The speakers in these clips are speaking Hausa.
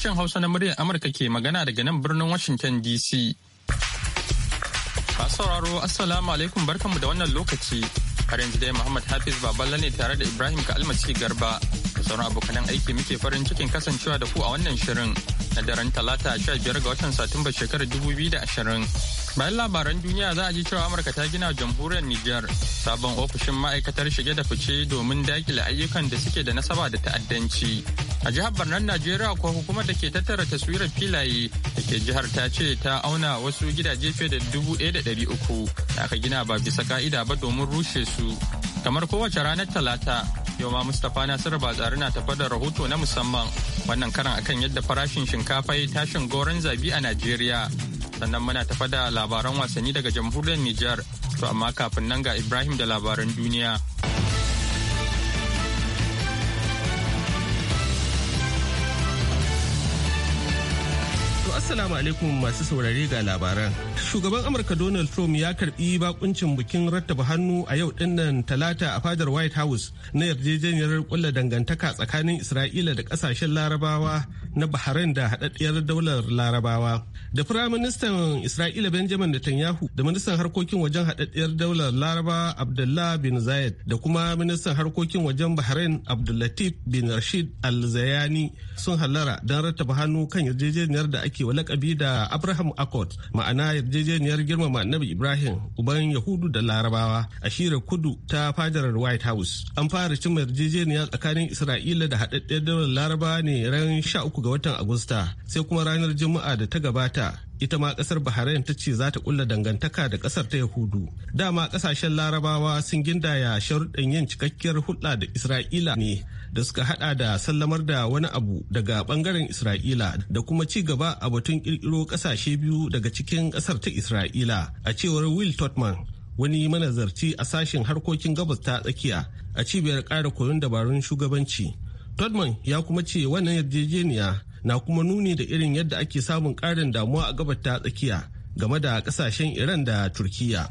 Sashen Hausa na muryar Amurka ke magana daga nan birnin Washington DC. sauraro Assalamu alaikum barkanmu da wannan lokaci. Har yanzu dai Muhammad Hafiz Baballa ne tare da Ibrahim ci Garba. Da sauran abokanan aiki muke farin cikin kasancewa da ku a wannan shirin na daren talata 15 ga watan Satumba shekarar 2020. Bayan labaran duniya za a ji cewa Amurka ta gina jamhuriyar Nijar sabon ofishin ma'aikatar shige da fice domin dakile ayyukan da suke da nasaba da ta'addanci. A jihar Barnar Najeriya kuwa hukumar da ke tattara taswirar filaye da ke jihar ta ce ta auna wasu gidaje fiye da dubu ɗaya da ɗari uku da aka gina ba bisa ka'ida ba domin rushe su. Kamar kowace ranar Talata, yau ma Mustapha Nasiru bazari na tafa da rahoto na musamman wannan karan akan yadda farashin shinkafa ya tashin goron zabi a Najeriya. sannan muna tafa da labaran wasanni daga jamhuriyar Nijar to amma kafin nan ga Ibrahim da labaran duniya. Assalamu alaikum masu saurare ga labaran. Shugaban Amurka Donald Trump ya karbi bakuncin bikin rattaba hannu a yau dinnan talata a fadar White House na yarjejeniyar kulla dangantaka tsakanin Isra'ila da kasashen Larabawa na Bahrain da haɗaɗɗiyar daular Larabawa. Da Firaministan Isra'ila Benjamin Netanyahu da Ministan Harkokin wajen haɗaɗɗiyar daular laraba Abdullah bin Zayed da kuma Ministan Harkokin wajen Bahrain Abdullatif bin Rashid Al-Zayani sun hallara don rattaba hannu kan yarjejeniyar da ake wa lakabi da Abraham Accord ma'ana yarjejeniyar girmama Annabi Ibrahim uban Yahudu da Larabawa a shirar kudu ta fajarar White House. An fara cimma yarjejeniya tsakanin Isra'ila da haɗaɗɗiyar daular Larabawa ne ran 13 13 ga watan Agusta sai kuma ranar Juma'a da ta gabata ita ma kasar bahrain ta ce za ta kulla dangantaka da kasar ta yahudu dama kasashen larabawa sun gindaya sharuɗin yin cikakkiyar hulɗa da isra'ila ne da suka hada da sallamar da wani abu daga bangaren isra'ila da kuma ci gaba a batun kirkiro kasashe biyu daga cikin kasar ta isra'ila a cewar will totman wani manazarci a sashen harkokin gabas ta tsakiya a cibiyar ƙara koyon dabarun shugabanci Todman ya kuma ce wannan yarjejeniya na kuma nuni da irin yadda ake samun ƙarin damuwa a gabar ta tsakiya game da ƙasashen Iran da Turkiyya.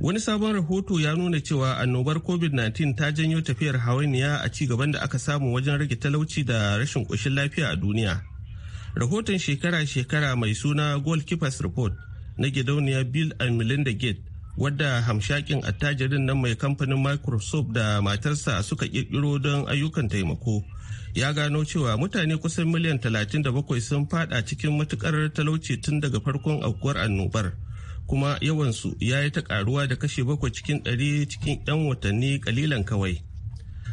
Wani sabon rahoto ya nuna cewa annobar COVID-19 ta janyo tafiyar hawainiya a ci gaban da aka samu wajen rage talauci da rashin ƙoshin lafiya a duniya. Rahoton shekara-shekara mai suna Goalkeepers Report na gidauniya Bill and Melinda Gates wadda hamshakin attajirin nan mai kamfanin microsoft da matarsa suka kirkiro don ayyukan taimako ya gano cewa mutane kusan miliyan 37 sun fada cikin matukar talauci tun daga farkon aukuwar annobar kuma yawansu ya yi ta karuwa da kashe bakwai cikin ɗari cikin 'yan watanni kalilan kawai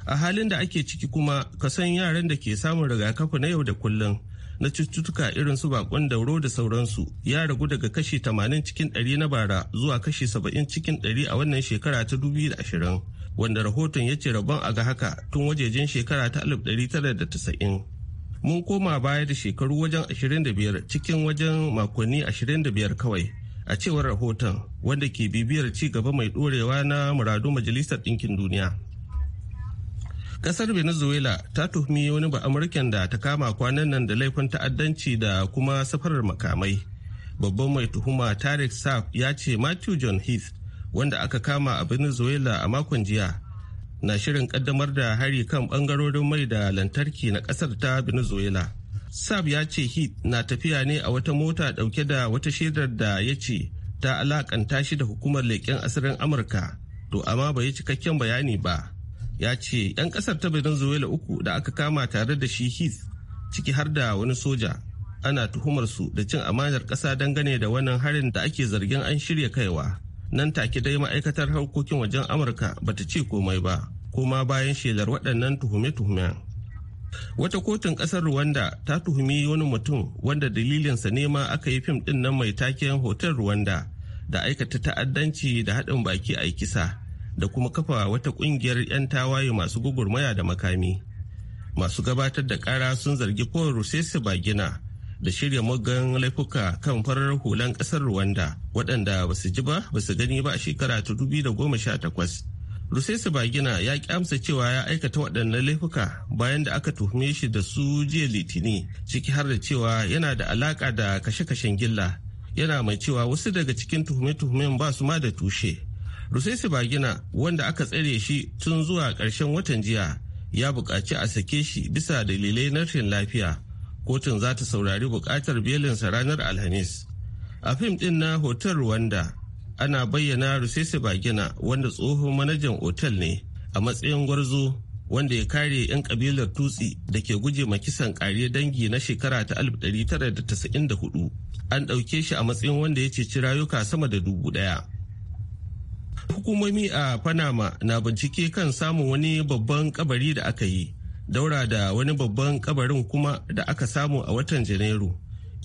a halin da ake ciki kuma kasan yaran da ke samun rigakafi na yau da kullum na cututtuka irin su bakon dauro da sauransu ya ragu daga kashi 80 cikin 100 na bara zuwa kashi 70 cikin 100 a wannan shekara ta 2020 wanda rahoton ya ce rabon a ga haka tun wajejen shekara ta 1990 mun koma baya da shekaru wajen 25 cikin wajen makonni 25 kawai a cewar rahoton wanda ke bibiyar ci gaba mai dorewa na muradu majalisar ɗinkin duniya Kasar Venezuela ta tuhumi wani ba Amurken da ta kama kwanan nan da laifin ta'addanci da kuma safarar makamai. Babban mai tuhuma tarik Saab ya ce Matthew John Heath wanda aka kama a Venezuela a makon jiya na shirin kaddamar da hari kan bangarorin mai da lantarki na kasar ta Venezuela. Saab ya ce Heath na tafiya ne a wata mota dauke da wata shaidar da ya ce ta alakanta shi da hukumar leƙen asirin Amurka to amma bai yi cikakken bayani ba. ya ce 'yan kasar ta venezuela uku da aka kama tare da shi heath ciki har da wani soja ana tuhumar su da cin amanar kasa dangane da wannan harin da ake zargin an shirya kaiwa nan take dai ma'aikatar harkokin wajen amurka bata ce komai ba kuma bayan shelar waɗannan tuhume-tuhumen wata kotun ƙasar rwanda ta tuhumi wani mutum wanda dalilinsa nema aka yi fim ɗin nan mai taken hotel rwanda da aikata ta'addanci da haɗin baki a kisa da kuma kafa wata kungiyar 'yan tawaye masu gugurmaya da makami masu gabatar da kara sun zargi kowar rusese bagina da shirya magan laifuka kan farar hulan ƙasar rwanda waɗanda ba su ji ba ba su gani ba a shekara ta da goma sha takwas. rusesi bagina ya ki amsa cewa ya aikata waɗannan laifuka bayan da aka tuhume shi da su jiya litini ciki har da cewa yana da alaƙa da kashe-kashen gilla yana mai cewa wasu daga cikin tuhume-tuhumen ba su ma da tushe rusesi bagina wanda aka tsare shi tun zuwa ƙarshen watan jiya ya buƙaci a sake shi bisa dalilai na rashin lafiya kotun za ta saurari buƙatar belinsa ranar alhamis a fim ɗin na hotel rwanda ana bayyana rusesi bagina wanda tsohon manajan otal ne a matsayin gwarzo wanda ya kare 'yan kabilar tutsi da ke guje ma kisan kare dangi na shekara ta 1994 an ɗauke shi a matsayin wanda ya ceci rayuka sama da dubu ɗaya hukumomi a panama na bincike kan samun wani babban kabari da aka yi daura da wani babban kabarin kuma da aka samu a watan janairu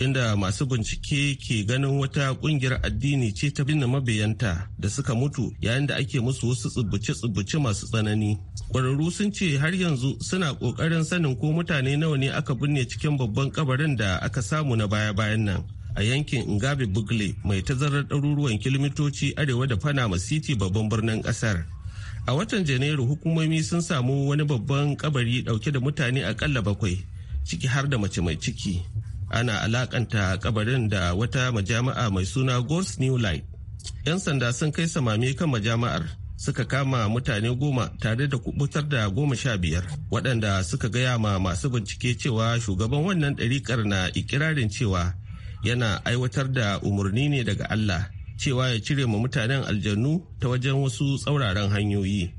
inda masu bincike ke ganin wata kungiyar addini ce ta binne mabiyanta da suka mutu yayin da ake musu wasu tsibbice-tsibbice masu tsanani ƙwararru sun ce har yanzu suna ƙoƙarin sanin ko mutane nawa ne aka binne cikin babban kabarin da aka samu na baya-bayan nan a yankin Ngabe Bugle mai tazarar ɗaruruwan kilomitoci arewa da Panama City babban birnin ƙasar. A watan Janairu hukumomi sun samu wani babban kabari ɗauke da mutane akalla bakwai ciki har da mace mai ciki. Ana alakanta kabarin da wata majama'a mai suna God's New Light. 'Yan sanda sun kai samami kan majama'ar suka kama mutane goma tare da kubutar da goma sha biyar waɗanda suka gaya ma masu bincike cewa shugaban wannan ɗarikar na ikirarin cewa yana aiwatar da umarni ne daga Allah cewa ya cire ma mutanen aljannu ta wajen wasu tsauraran hanyoyi.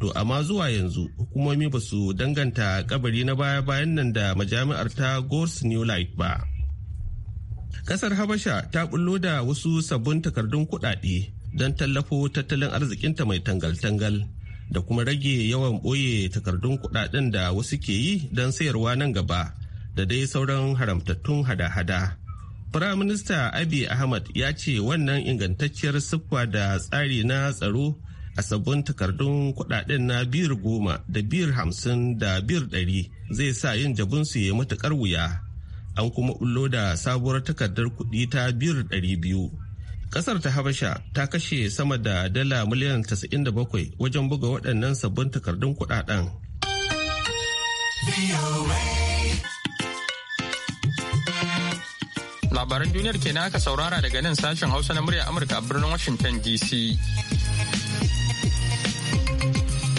To amma zuwa yanzu hukumomi ba su danganta kabari na baya-bayan nan da majami'ar ta Gors New Light ba. Kasar Habasha ta bullo da wasu sabbin takardun kuɗaɗe don tallafo tattalin arzikinta mai tangal-tangal da kuma rage yawan ɓoye takardun kuɗaɗen da wasu ke yi don sayarwa nan gaba da dai sauran haramtattun hada-hada. Firaminista Abiy Ahmad ya ce wannan ingantacciyar siffa da tsari na tsaro a sabbin takardun kudaden na biyar goma da biyar hamsin da biyar ɗari zai sa yin jabinsu ya matuƙar wuya an kuma ullo da sabuwar takardar kuɗi ta biyar ɗari biyu ƙasar ta habasha ta kashe sama da dala miliyan 97 wajen buga waɗannan sabbin takardun kuɗaɗen. labaran duniyar kenan aka saurara daga nan sashen hausa na murya amurka a birnin washington dc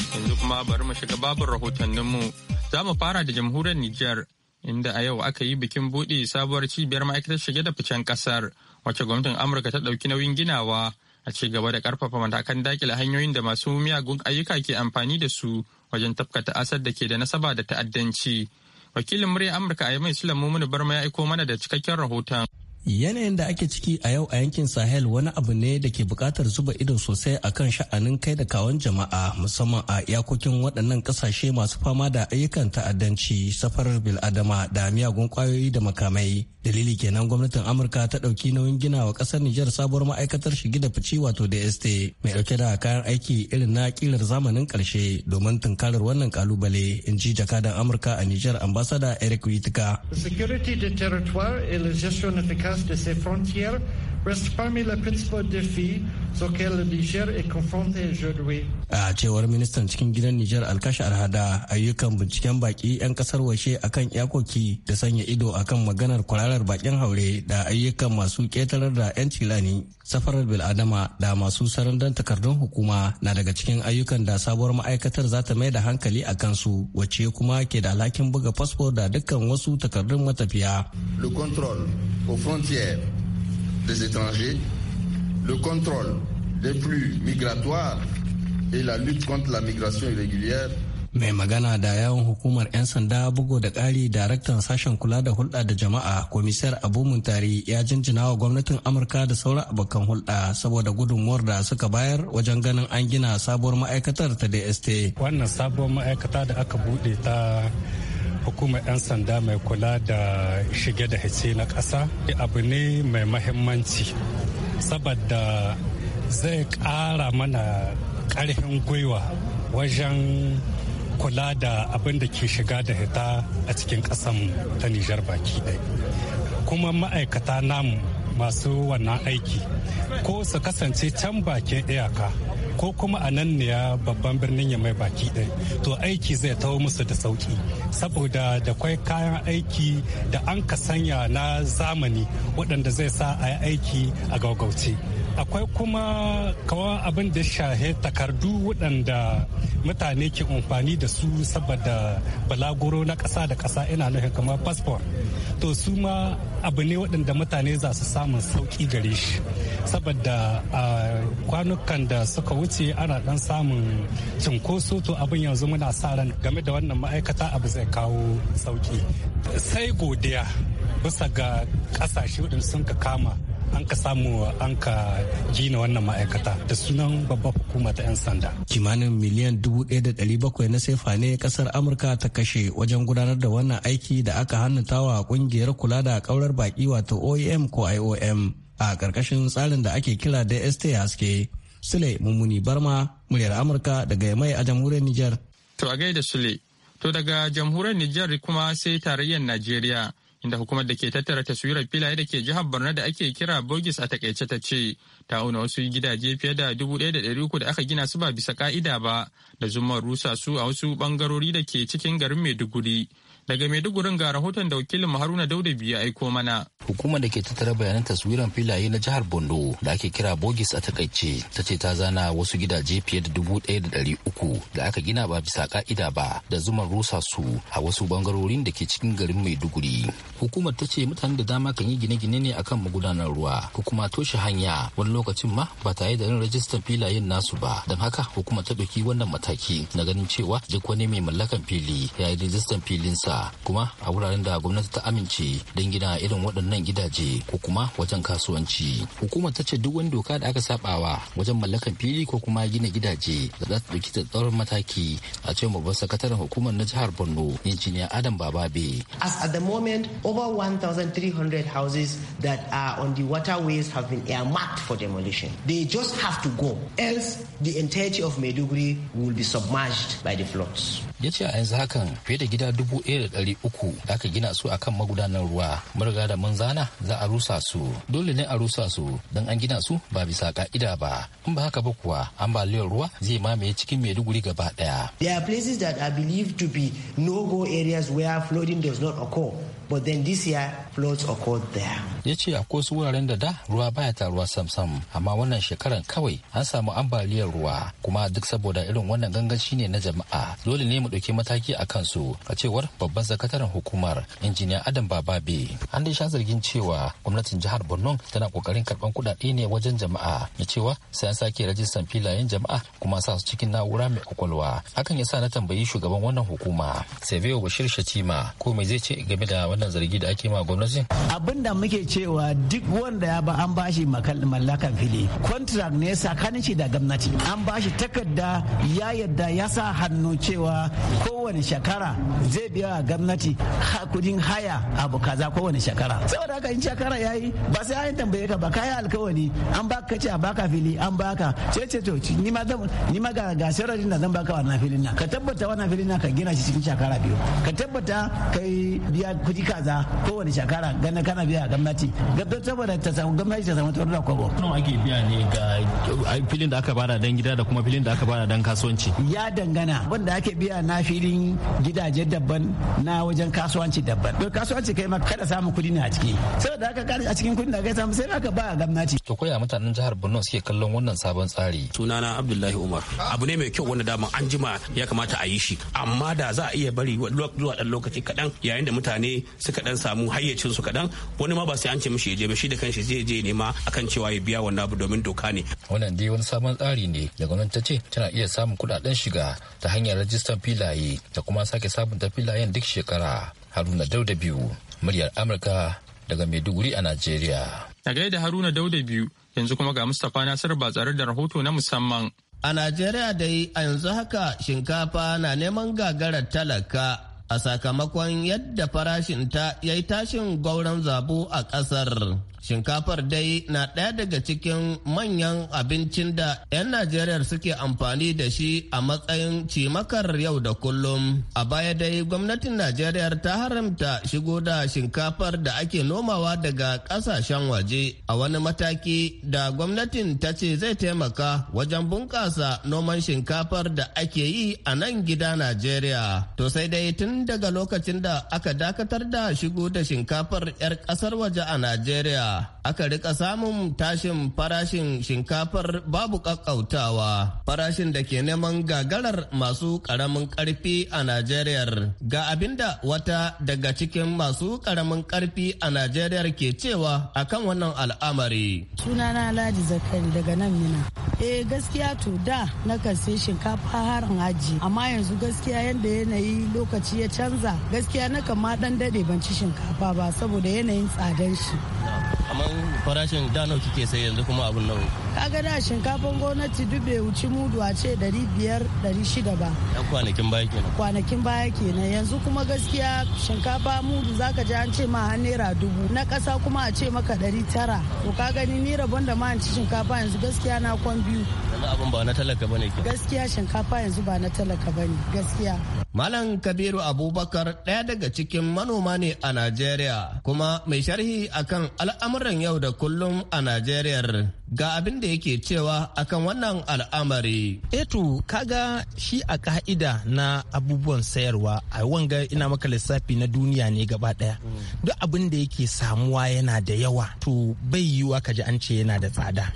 yanzu kuma bari mu shiga babin rahotanninmu za mu fara da jamhuriyar niger inda a yau aka yi bikin buɗe sabuwar cibiyar ma'aikatar shige da ficen ƙasar wacce gwamnatin amurka ta ɗauki nauyin ginawa a ci gaba da karfafa matakan dakile hanyoyin da masu miyagun ayyuka ke amfani da su wajen tafkata asar da ke da nasaba da ta'addanci Wakilin murya Amurka a Yamai Sulaimu Mumuni Barma ya aiko mana da cikakken rahoton. yanayin da ake ciki a yau a yankin sahel wani abu ne da ke bukatar zuba ido sosai a kan sha'anin kai da kawon jama'a musamman a iyakokin waɗannan ƙasashe masu fama da ayyukan ta'addanci safarar biladama da miyagun kwayoyi da makamai dalili kenan gwamnatin amurka ta ɗauki nauyin gina wa ƙasar nijar sabuwar ma'aikatar shige da fice wato dst mai ɗauke da kayan aiki irin na ƙilar zamanin ƙarshe domin tunkarar wannan ƙalubale in ji jakadan amurka a nijar ambasada eric witika security de ses frontières parmi les principaux défis auxquels le Niger est confronté aujourd'hui. A cewar ministan cikin gidan Nijar Alkashi Arhada ayyukan binciken baki 'yan kasar washe akan iyakoki da sanya ido akan maganar kwararar bakin haure da ayyukan masu ketarar da 'yan cilani safarar biladama da masu sarandan takardun hukuma na daga cikin ayyukan da sabuwar ma'aikatar za ta mai da hankali a kansu wacce kuma ke da alhakin buga fasfo da dukkan wasu takardun matafiya. Le control des étrangers, le contrôle des flux migratoires et la lutte contre la migration irrégulière mai magana da yawon hukumar 'yan sanda bugu da ƙari daraktan sashen kula da hulɗa da jama'a komisar abu muntari ya jinjina wa gwamnatin amurka da sauran abokan hulɗa saboda gudunmuwar da suka bayar wajen ganin an gina sabuwar ma'aikatar ta dst wannan sabuwar ma'aikata da aka buɗe ta hukumar 'yan sanda mai kula da shige da hice na ƙasa abu ne mai mahimmanci saboda zai ƙara mana ƙarfin gwiwa wajen kula da abin da ke shiga da hita a cikin ƙasan ta nijar baki ɗaya kuma ma'aikata namu masu wannan aiki ko su kasance can bakin iyaka ko kuma a nan ne babban birnin ya mai baki ɗaya to aiki zai taho musu da sauki saboda da kwai kayan aiki da an ka sanya na zamani waɗanda zai sa a yi aiki a gaugauce akwai kuma kawa abin da shahe takardu waɗanda mutane ke amfani da su saboda balaguro na ƙasa da ƙasa ina nufin kamar fasfor to su ma abu ne waɗanda mutane za su samun sauƙi gare shi saboda a kwanukan da suka wuce ana ɗan samun cinkoso to abin yanzu muna sa ran game da wannan ma'aikata abu zai kawo sauƙi sai godiya bisa ga ƙasashe waɗanda sun ka kama an ka samu an ka gina wannan ma'aikata da sunan babbar hukuma ta 'yan sanda. Kimanin miliyan dubu ɗaya da ɗari bakwai na sefa ne kasar Amurka ta kashe wajen gudanar da wannan aiki da aka wa kungiyar kula da kaurar baki wato OEM ko IOM a karkashin tsarin da ake kira da DST haske. Sule Mummuni Barma, muryar Amurka daga mai a jamhuriyar Nijar. To a gaida Sule, to daga jamhuriyar Nijar kuma sai tarayyar Najeriya. inda hukumar da ke tattara taswirar filaye da ke jihar Borno da ake kira Bogis a takaice ta ce ta auna wasu gidaje fiye da dubu ɗaya da ɗari uku da aka gina su ba bisa ka'ida ba da zumar rusa su a wasu bangarori da ke cikin garin Maiduguri Daga Maiduguri ga rahoton da wakilin Haruna Dauda biyu aiko mana. Hukumar da ke tattara bayanan taswiran filaye na jihar Bondo da ake kira Bogis a takaice ta ce ta zana wasu gidaje fiye da dubu ɗaya da ɗari uku da aka gina ba bisa ka'ida ba da zuman rusa su a wasu bangarorin da ke cikin garin Maiduguri. Hukumar ta ce mutane da dama kan yi gine-gine ne akan magudanar ruwa ko kuma toshe hanya wani lokacin ma ba tare da yin rajistar filayen nasu ba don haka hukumar ta ɗauki wannan mataki na ganin cewa duk wani mai mallakan fili ya yi rajistar filinsa kuma a wuraren da gwamnati ta amince don gina irin waɗannan gidaje ko kuma wajen kasuwanci hukumar ta ce duk wani doka da aka sabawa wajen mallakan fili ko kuma gina gidaje da za ta ɗauki tsatsauran mataki a cewa babban sakataren hukumar na jihar borno injiniya adam bababe as at the moment over 1300 houses that are on the waterways have been earmarked for demolition they just have to go else the entirety of maiduguri will be submerged by the floods ya ce a yanzu hakan fiye da gida dubu ɗaya da ɗari uku da aka gina su akan magudanar ruwa murga da zana za a rusa su dole ne a rusa su don an gina su ba bisa ka'ida ba in ba haka ba kuwa ambaliyar ruwa zai mamaye cikin maiduguri gaba ɗaya. there are places that i believe to be no go areas where flooding does not occur but then this year floods occurred there. Ya ce a wasu wuraren da da ruwa baya taruwa sam-sam amma wannan shekaran kawai an samu ambaliyar ruwa kuma duk saboda irin wannan ganganci ne na jama'a dole ne mu ɗauki mataki a kansu a cewar babban zakataren hukumar injiniya Adam Bababe. An dai sha zargin cewa gwamnatin jihar Borno tana kokarin karban kuɗaɗe ne wajen jama'a ya cewa sai an sake rajistan filayen jama'a kuma sa su cikin na'ura mai kwakwalwa. Hakan ya sa na tambayi shugaban wannan hukuma. Sevio Bashir Shatima ko mai zai ce game da wannan zargi da ake ma gwamnati lokacin abin da muke cewa duk wanda ya ba an bashi mallakan fili contract ne sakanin shi da gwamnati an bashi takarda ya yadda ya sa hannu cewa kowane shekara zai biya gwamnati kudin haya abu kaza kowane shekara saboda haka in shekara yayi ba sai an tambaye ka ba kai alkawari an baka ce a baka fili an baka ce ce to ni ma ni ma ga sharadin da zan baka wannan filin na ka tabbata wannan filin na ka gina shi cikin shekara biyu ka tabbata kai biya kudi kaza kowane shekara kana gana kana biya gwamnati gaba saboda ta samu gwamnati ta samu tawar da kwabo nawa ake biya ne ga filin da aka bada dan gida da kuma filin da aka bada dan kasuwanci ya dangana wanda ake biya na filin gidaje daban na wajen kasuwanci daban don kasuwanci kai ma kada samu kudi ne a ciki saboda aka kare a cikin kudi da kai samu sai aka ba gwamnati to koya mutanen jihar Borno suke kallon wannan sabon tsari sunana Abdullahi Umar abu ne mai kyau wanda dama an jima ya kamata a yi shi amma da za a iya bari zuwa dan lokaci kadan yayin da mutane suka dan samu hayyacin cin su kadan wani ma ba sai an ce mishi je ba shi da kanshi zai je nema akan cewa ya biya wannan abu domin doka ne. Wannan dai wani sabon tsari ne da gwamnati ta ce tana iya samun kudaden shiga ta hanyar rajistar filaye da kuma sake sabunta filayen duk shekara. Haruna Dauda biyu muryar Amurka daga Maiduguri a Najeriya. A gaida Haruna Dauda biyu yanzu kuma ga Mustapha Nasir ba tsare da rahoto na musamman. A Najeriya dai a yanzu haka shinkafa na neman gagarar talaka a sakamakon yadda farashin ta yayi tashin gwauron zabo a ƙasar. Shinkafar dai na ɗaya daga cikin manyan abincin da 'yan Najeriya suke amfani da shi a matsayin cimakar yau da kullum. A baya dai gwamnatin Najeriya ta haramta shigo da shinkafar da ake nomawa daga ƙasashen waje a wani mataki da gwamnatin ta ce zai taimaka wajen bunƙasa noman shinkafar da ake yi a nan gida Najeriya. To sai dai tun daga lokacin da aka dakatar da shigo da shinkafar 'yar ƙasar waje a Najeriya. aka rika samun tashin farashin shinkafar babu kakkautawa farashin da ke neman gagarar masu karamin karfi a Najeriya. Ga abinda wata daga cikin masu karamin karfi a Najeriya ke cewa akan wannan al'amari. Sunana Ladi Zakari daga nan Mina. Eh gaskiya to da na sai shinkafa harin haji amma yanzu gaskiya yadda yanayi lokaci ya canza gaskiya na kama dan dade ban ci shinkafa ba saboda yanayin tsadan shi kamar farashin dano kike sai yanzu kuma abun nawa kaga da shinkafan gwamnati duk wuci mudu a ce 500 600 ba yan kwanakin baya kenan kwanakin baya kenan yanzu kuma gaskiya shinkafa mudu zaka ji an ce ma har naira dubu na kasa kuma a ce maka 900 to ka gani ni rabon da ma an ci shinkafa yanzu gaskiya na kwan biyu yanzu abun ba na talaka bane gaskiya shinkafa yanzu ba na talaka bane gaskiya Malam Kabiru Abubakar ɗaya daga cikin manoma ne a Najeriya kuma mai sharhi akan al'amuran lamuran yau da kullum a Najeriya ga abin da yake cewa akan wannan al'amari. Eto kaga shi a ka'ida na abubuwan sayarwa a wanga ina maka lissafi na duniya ne gaba daya. Duk abin da yake samuwa yana da yawa to bai yiwuwa kaji an ce yana da tsada.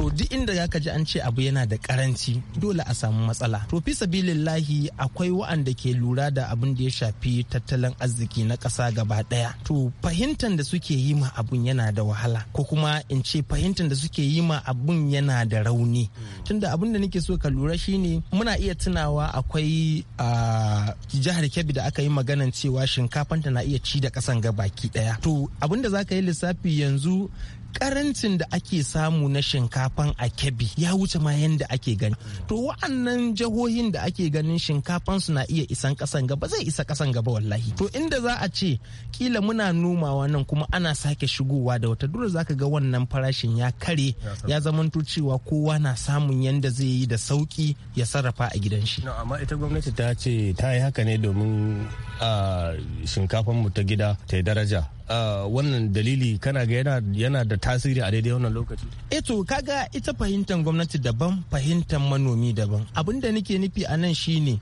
to duk inda zaka ji an ce abu yana da karanci dole a samu matsala to fi sabilillahi akwai wa'anda ke lura da abin da ya shafi tattalin arziki na ƙasa gaba ɗaya to fahimtar da suke yi ma abun yana da wahala ko kuma in ce fahimtar da suke yi ma abun yana da rauni tunda abin da nake so ka lura shine muna iya tunawa akwai a jihar Kebbi da aka yi maganan cewa shinkafanta na iya ci da ƙasan gabaki ɗaya to abin da zaka yi lissafi yanzu karancin da ake samu na shinkafan a kebbi ya wuce ma yadda ake gani to wa'annan jihohin da ake ganin shinkafan su na iya isan kasan gaba zai isa kasan gaba wallahi to inda za a ce kila muna nomawa nan kuma ana sake shigowa da wata dole zaka ga wannan farashin ya kare ya zamanto cewa kowa na samun yadda zai yi da sauki ya sarrafa a gidan shi amma ita gwamnati ta ce ta yi haka ne domin ah, shinkafan mu ta gida ta yi daraja wannan dalili kana ga yana da tasiri a daidai wannan lokaci eto eh kaga ita fahimtar gwamnati daban fahimtar manomi daban abin da nake nufi a nan shine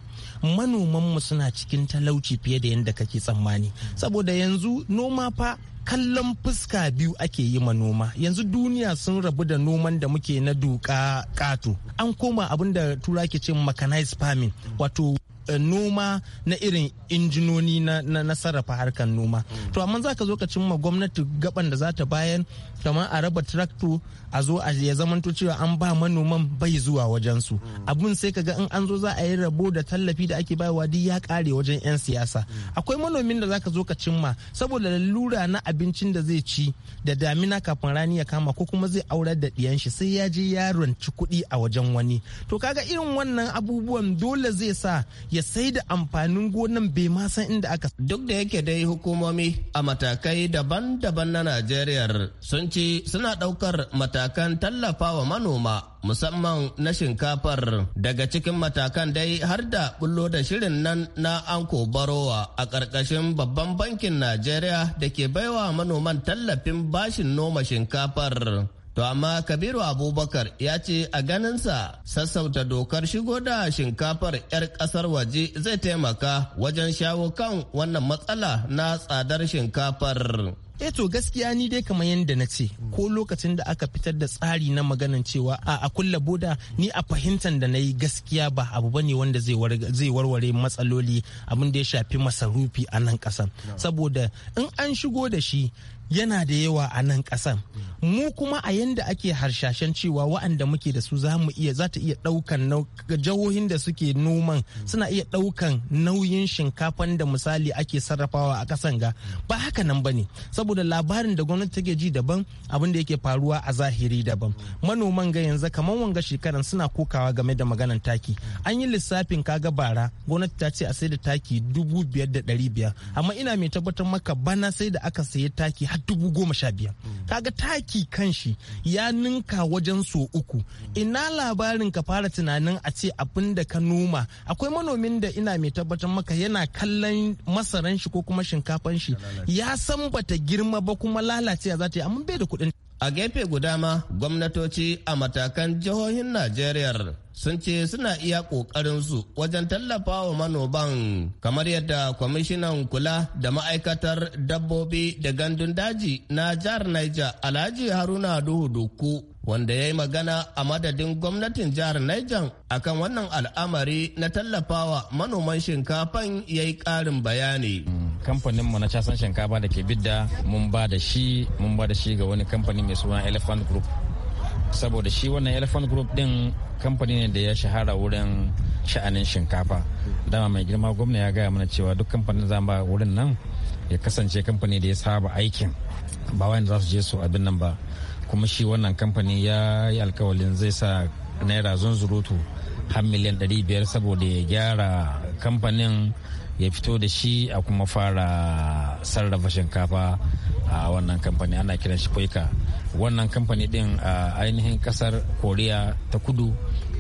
manoman mu suna cikin talauci fiye da yadda kake tsammani saboda yanzu noma fa kallon fuska biyu ake yi ma yanzu duniya sun rabu da noman da muke na duka kato an koma abin da tura ke ce mechanized farming wato Eh, noma na irin injinoni na sarrafa harkar noma mm. to amma za ka zo ka cimma gwamnati gaban da za ta bayan kamar a raba tractor a zo a ya zamanto cewa an ba manoman bai zuwa wajensu su mm. abun sai ka ga in an zo za a yi rabo da tallafi da ake bayarwa duk ya kare wajen 'yan siyasa mm. akwai manomin da za ka zo ka cimma saboda lura na abincin da zai ci da damina kafin rani ya kama ko kuma zai aurar da ɗiyan shi sai ya je ya ci kuɗi a wajen wani to kaga irin wannan abubuwan dole zai sa ya ya sai da amfanin gonan bai ma san inda aka duk da yake dai hukumomi a matakai daban-daban na Najeriya sun ci suna ɗaukar matakan tallafawa manoma musamman na shinkafar daga cikin matakan dai har da bullo da shirin nan na anko barowa a ƙarƙashin babban bankin najeriya da ke baiwa manoman tallafin bashin noma shinkafar To amma Kabiru Abubakar ya ce a ganinsa sassauta dokar shigo da shinkafar 'yar ƙasar waje zai taimaka wajen shawo kan wannan matsala na tsadar shinkafar. e to gaskiya ni dai kamar yadda na ce ko lokacin da aka fitar da tsari na maganan cewa a a kulla boda ni a fahimtar da na yi gaskiya ba abu bane wanda zai warware matsaloli abin da ya shafi masarufi a nan kasan saboda in an shigo da shi yana da yawa a nan kasan mu kuma a yanda ake harshashen cewa wa'anda muke da su za mu iya za ta iya ɗaukan jihohin da suke noman suna iya ɗaukan nauyin shinkafan da misali ake sarrafawa a kasan ga ba haka nan ba ne saboda labarin da gwamnati take ji daban abin da yake faruwa a zahiri daban manoman ga yanzu kamar wanga shekaran suna kokawa game da maganan taki an yi lissafin kaga bara gwamnati ta ce a sai da taki dubu biyar da ɗari biyar amma ina mai tabbatar maka bana sai da aka sayi taki har dubu goma sha biyar kaga taki aiki kanshi ya ninka wajen so uku ina labarin ka fara tunanin a ce abin da ka noma akwai manomin da ina mai tabbatar maka yana kallon masaran shi ko kuma shinkafan shi ya san bata girma ba kuma lalacewa za ta yi amma bai da kuɗin A gefe guda ma gwamnatoci a matakan jihohin Najeriya sun ce suna iya su wajen tallafawa manoban kamar yadda kwamishinan kula da ma'aikatar dabbobi da gandun daji na jihar Niger Alhaji Haruna Duhu Duku wanda ya yi magana a madadin gwamnatin jihar Niger akan wannan al'amari na tallafawa manoman shinkafan ya yi ƙarin bayani. kamfaninmu na casan shinkafa da ke bidda mun ba da shi mun ba da shi ga wani kamfani mai suna elephant group saboda shi wannan elephant group din kamfani ne da ya shahara wurin sha'anin shinkafa dama mai girma gwamna ya gaya mana cewa duk kamfanin za ba wurin nan ya kasance kamfani da ya saba aikin ba wanda za su je su abin nan ba kuma shi wannan kamfani ya yi alkawalin zai sa naira zunzurutu har miliyan 500 saboda ya gyara kamfanin ya fito da shi a kuma fara sarrafa shinkafa a wannan kamfani ana kiran shi kwaika wannan kamfani din a ainihin kasar koriya ta kudu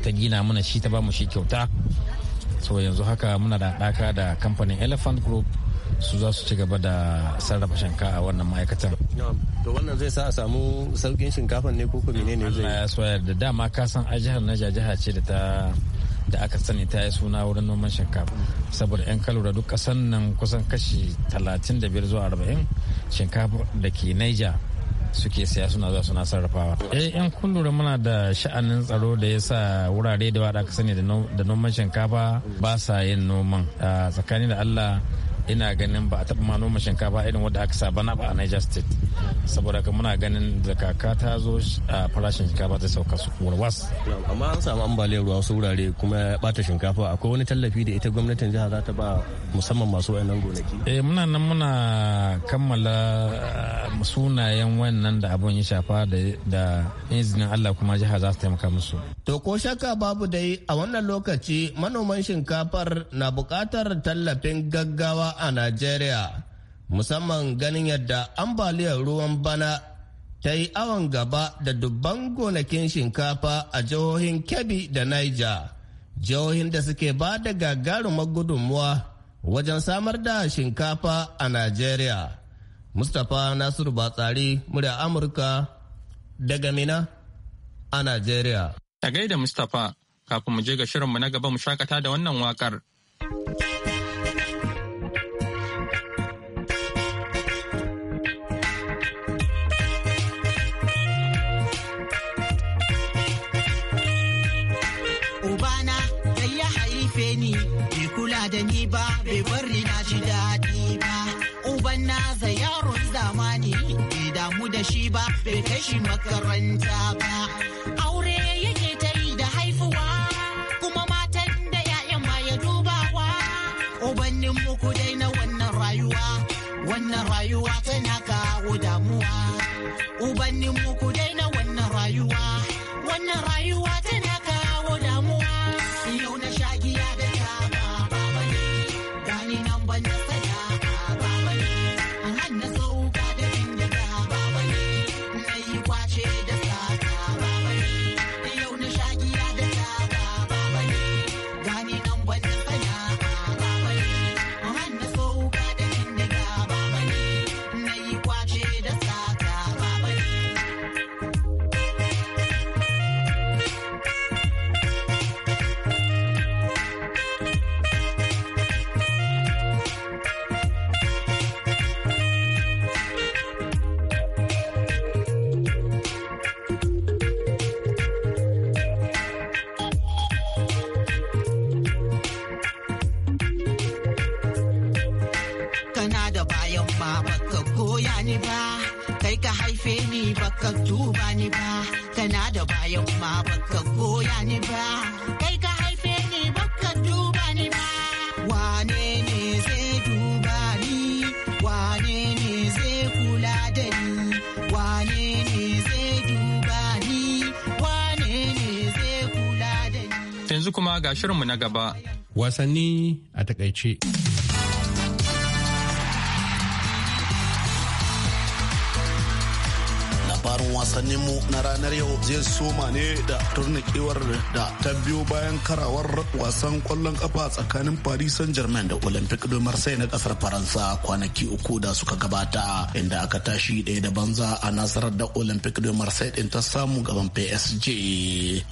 ta gina mana shi ta bamu shi kyauta so yanzu haka muna da daka da kamfanin elephant group su za su ci gaba da sarrafa shinkafa a wannan ma'aikatan. To wannan zai sa a samu sauƙin shinkafan ne ko kuma ne zai? Allah ya da dama ka san a jihar Naija jiha ce da ta da aka sani ta yi suna wurin noman shinkafa saboda 'yan kalura duk kasan nan kusan kashi 35 zuwa 40 shinkafa da ke naija suke siya suna zuwa suna sarrafawa eh yan muna da sha'anin tsaro da ya sa wurare da aka sani da noman shinkafa ba sa yin noman ah, tsakani da allah ina ganin ba a taɓa ma noma shinkafa irin wadda aka saba na ba a Niger State saboda ka muna ganin da kaka ta zo a farashin shinkafa ta sauka su warwas. Amma an samu ambaliyar ruwa wasu wurare kuma ya bata shinkafa akwai wani tallafi da ita gwamnatin jiha za ta ba musamman masu wayannan gonaki. Eh muna nan muna kammala sunayen wannan da abun ya shafa da izinin Allah kuma jiha za su taimaka musu. To ko shakka babu dai a wannan lokaci manoman shinkafar na buƙatar tallafin gaggawa a Najeriya, musamman ganin yadda ambaliyar ruwan bana ta yi awon gaba da dubban gonakin shinkafa a jihohin Kebbi da Niger, jihohin da suke ba da gagarumar gudunmuwa wajen samar da shinkafa a Najeriya. Mustapha Nasiru Batsari, murya Amurka, daga Mina a Najeriya. ta gaida Mustapha, kafin mu je ga shirinmu na gaba mu shakata da wannan wakar. da ni ba bai bari na ji daɗi ba uban na za yaron zamani bai damu da shi ba bai kai makaranta ba aure yake ta yi da haifuwa kuma matan da ya'yan ma ya dubawa ubannin muku dai na wannan rayuwa wannan rayuwa tana kawo damuwa ubannin muku yau ma baka goya ni ba kai ka haife ni baka duba ni ba wane ne zai duba ni wane ne zai kula da ni wane ne zai duba ni wane ne zai kula da ni yanzu kuma ga shirinmu na gaba wasanni a takaice labarin wasannin mu na ranar yau zai soma ne da turnikewar da ta biyo bayan karawar wasan kwallon kafa tsakanin Paris Saint-Germain da Olympique de Marseille na kasar Faransa kwanaki uku da suka gabata inda aka tashi ɗaya da banza a nasarar da Olympique de Marseille din ta samu gaban PSG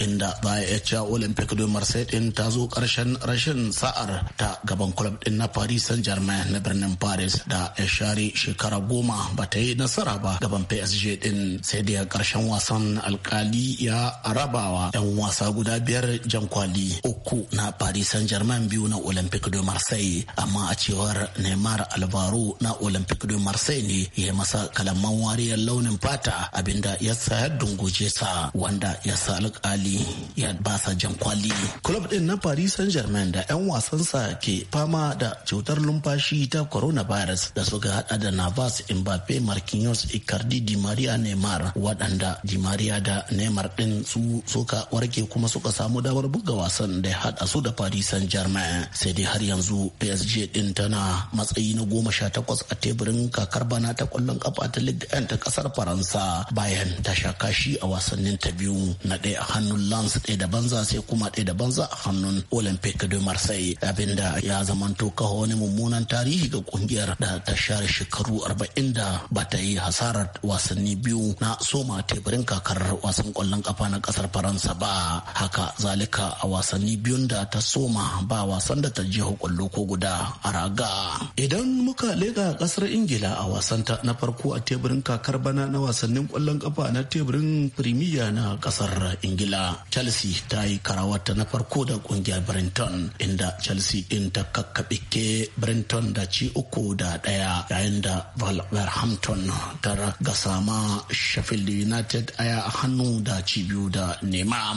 inda baya ya Olympique de Marseille din ta zo karshen rashin sa'ar ta gaban club din na Paris Saint-Germain na birnin Paris da ya share shekara goma ba ta yi nasara ba gaban PSG din sai da karshen wasan alkali ya rabawa 'yan wasa guda biyar jan kwali uku na paris saint germain biyu na olympic de marseille amma a cewar neymar alvaro na olympic de marseille ne ya masa kalaman wariyar launin fata abinda ya sayar dungoje sa wanda ya sa alkali ya basa jan kwali club din na paris saint germain da 'yan wasansa ke fama da cutar lumfashi ta coronavirus da suka hada da navas mbappe marquinhos icardi di maria neymar Neymar waɗanda Jimariya da Neymar ɗin su suka warke kuma suka samu damar buga wasan da ya haɗa su da Paris Saint-Germain sai dai har yanzu PSG ɗin tana matsayi na goma sha takwas a teburin kakar bana ta ƙwallon ƙafa ta Ligue 1 ta ƙasar Faransa bayan ta sha kashi a wasannin ta biyu na ɗaya a hannun Lens ɗaya da banza sai kuma ɗaya da banza a hannun Olympique de Marseille abinda ya zamanto kawo wani mummunan tarihi ga kungiyar da ta share shekaru arba'in da ba ta yi hasarar wasanni biyu na soma teburin kakar wasan kwallon kafa na kasar faransa ba haka zalika a wasanni biyun da ta soma ba wasan da ta je kwallo ko guda a raga idan muka lega kasar ingila a wasan ta na farko a teburin kakar bana na wasannin kwallon kafa na teburin firimiya na kasar ingila chelsea ta yi karawarta na farko da kungiyar brenton inda chelsea din ta kakkaɓe ke brenton da ci uku da ɗaya yayin da valverhampton ta gasa ma Sheffield United aya a hannu da cibiyu da nema.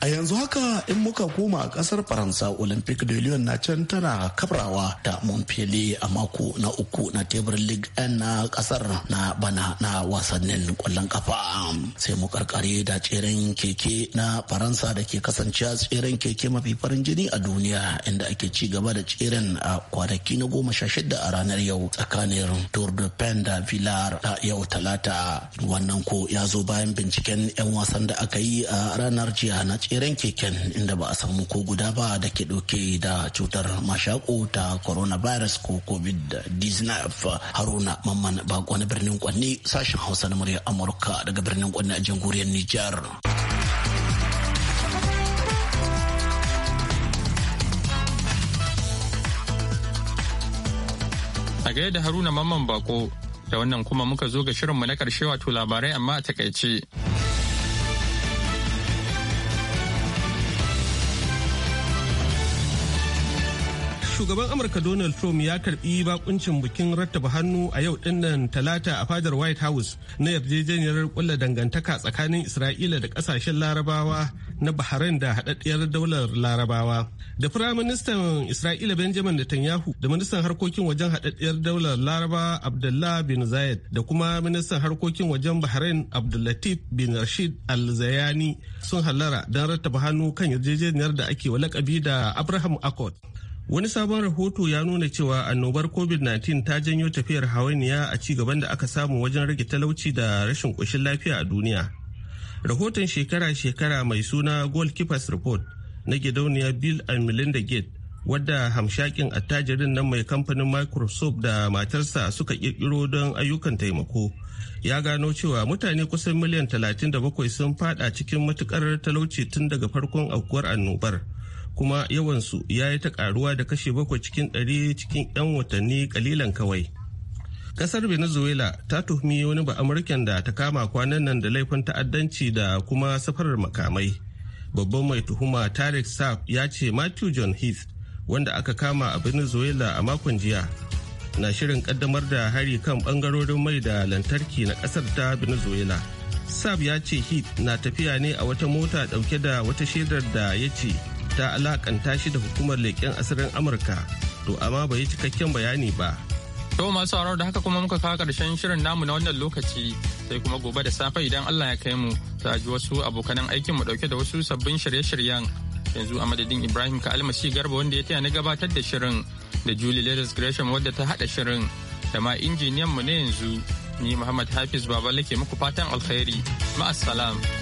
A yanzu haka in muka koma a kasar Faransa Olympic de Lyon na can tana kabrawa da Montpellier a mako na uku na tebur League N na kasar na bana na wasannin kwallon kafa. Sai mu karkare da tseren keke na Faransa da ke kasancewa tseren keke mafi farin jini a duniya inda ake ci gaba da tseren a kwanaki na goma sha shida a ranar yau tsakanin Tour de Pen da Villar a yau talata wannan wannan ya zo bayan binciken 'yan wasan da aka yi a ranar jiya na tseren keken inda ba a samu ko guda ba da ke ɗauke da cutar mashako ta coronavirus ko covid-19 haruna mamman bako na birnin kwanne sashen hausa na murya amurka daga birnin kwanne a jamhuriyar nijar a da haruna mamman bako Da wannan kuma muka zo ga shirinmu na karshe wato labarai amma a takaice. shugaban amurka donald trump ya karbi bakuncin bikin rattaba hannu a yau dinnan talata a fadar white house na yarjejeniyar kulla dangantaka tsakanin isra'ila da kasashen larabawa na bahrain da haɗaɗɗiyar daular larabawa da firaministan isra'ila benjamin netanyahu da ministan harkokin wajen haɗaɗɗiyar daular larabawa abdullah bin zayed da kuma ministan harkokin wajen bahrain abdullatif bin rashid al-zayani sun halara don rattaba hannu kan yarjejeniyar da ake wa lakabi da abraham accord Wani sabon rahoto ya nuna cewa annobar COVID-19 ta janyo tafiyar hawainiya a ci gaban da aka samu wajen rage talauci da rashin ƙoshin lafiya a duniya. Rahoton shekara-shekara mai suna Goalkeepers Report na gidauniya Bill and Melinda Gates wadda hamshakin attajirin nan mai kamfanin Microsoft da matarsa suka kirkiro don ayyukan taimako. Ya gano cewa mutane kusan miliyan 37 sun fada cikin matukar talauci tun daga farkon aukuwar annobar. kuma yawansu ya yi ta karuwa da kashe bakwai cikin ɗari cikin 'yan watanni kalilan kawai. Kasar Venezuela ta tuhumi wani ba Amurken da ta kama kwanan nan da laifin ta'addanci da kuma safarar makamai. Babban mai tuhuma Tarek Saab ya ce Matthew John Heath wanda aka kama a Venezuela a makon jiya na shirin kaddamar da hari kan bangarorin mai da lantarki na kasar ta Venezuela. Saab ya ce Heath na tafiya ne a wata mota dauke da wata shaidar da ya ce ta alakanta shi da hukumar leƙen asirin amurka to amma bai yi cikakken bayani ba to masu sauraro da haka kuma muka kawo karshen shirin namu na wannan lokaci sai kuma gobe da safe idan allah ya kai mu za ji wasu abokanan aikin mu dauke da wasu sabbin shirye-shiryen yanzu a madadin ibrahim ka almasi garba wanda ya taya na gabatar da shirin da julie ladies gresham wadda ta hada shirin da ma injiniyan mu ne yanzu ni muhammad hafiz lake muku fatan alkhairi ma'assalam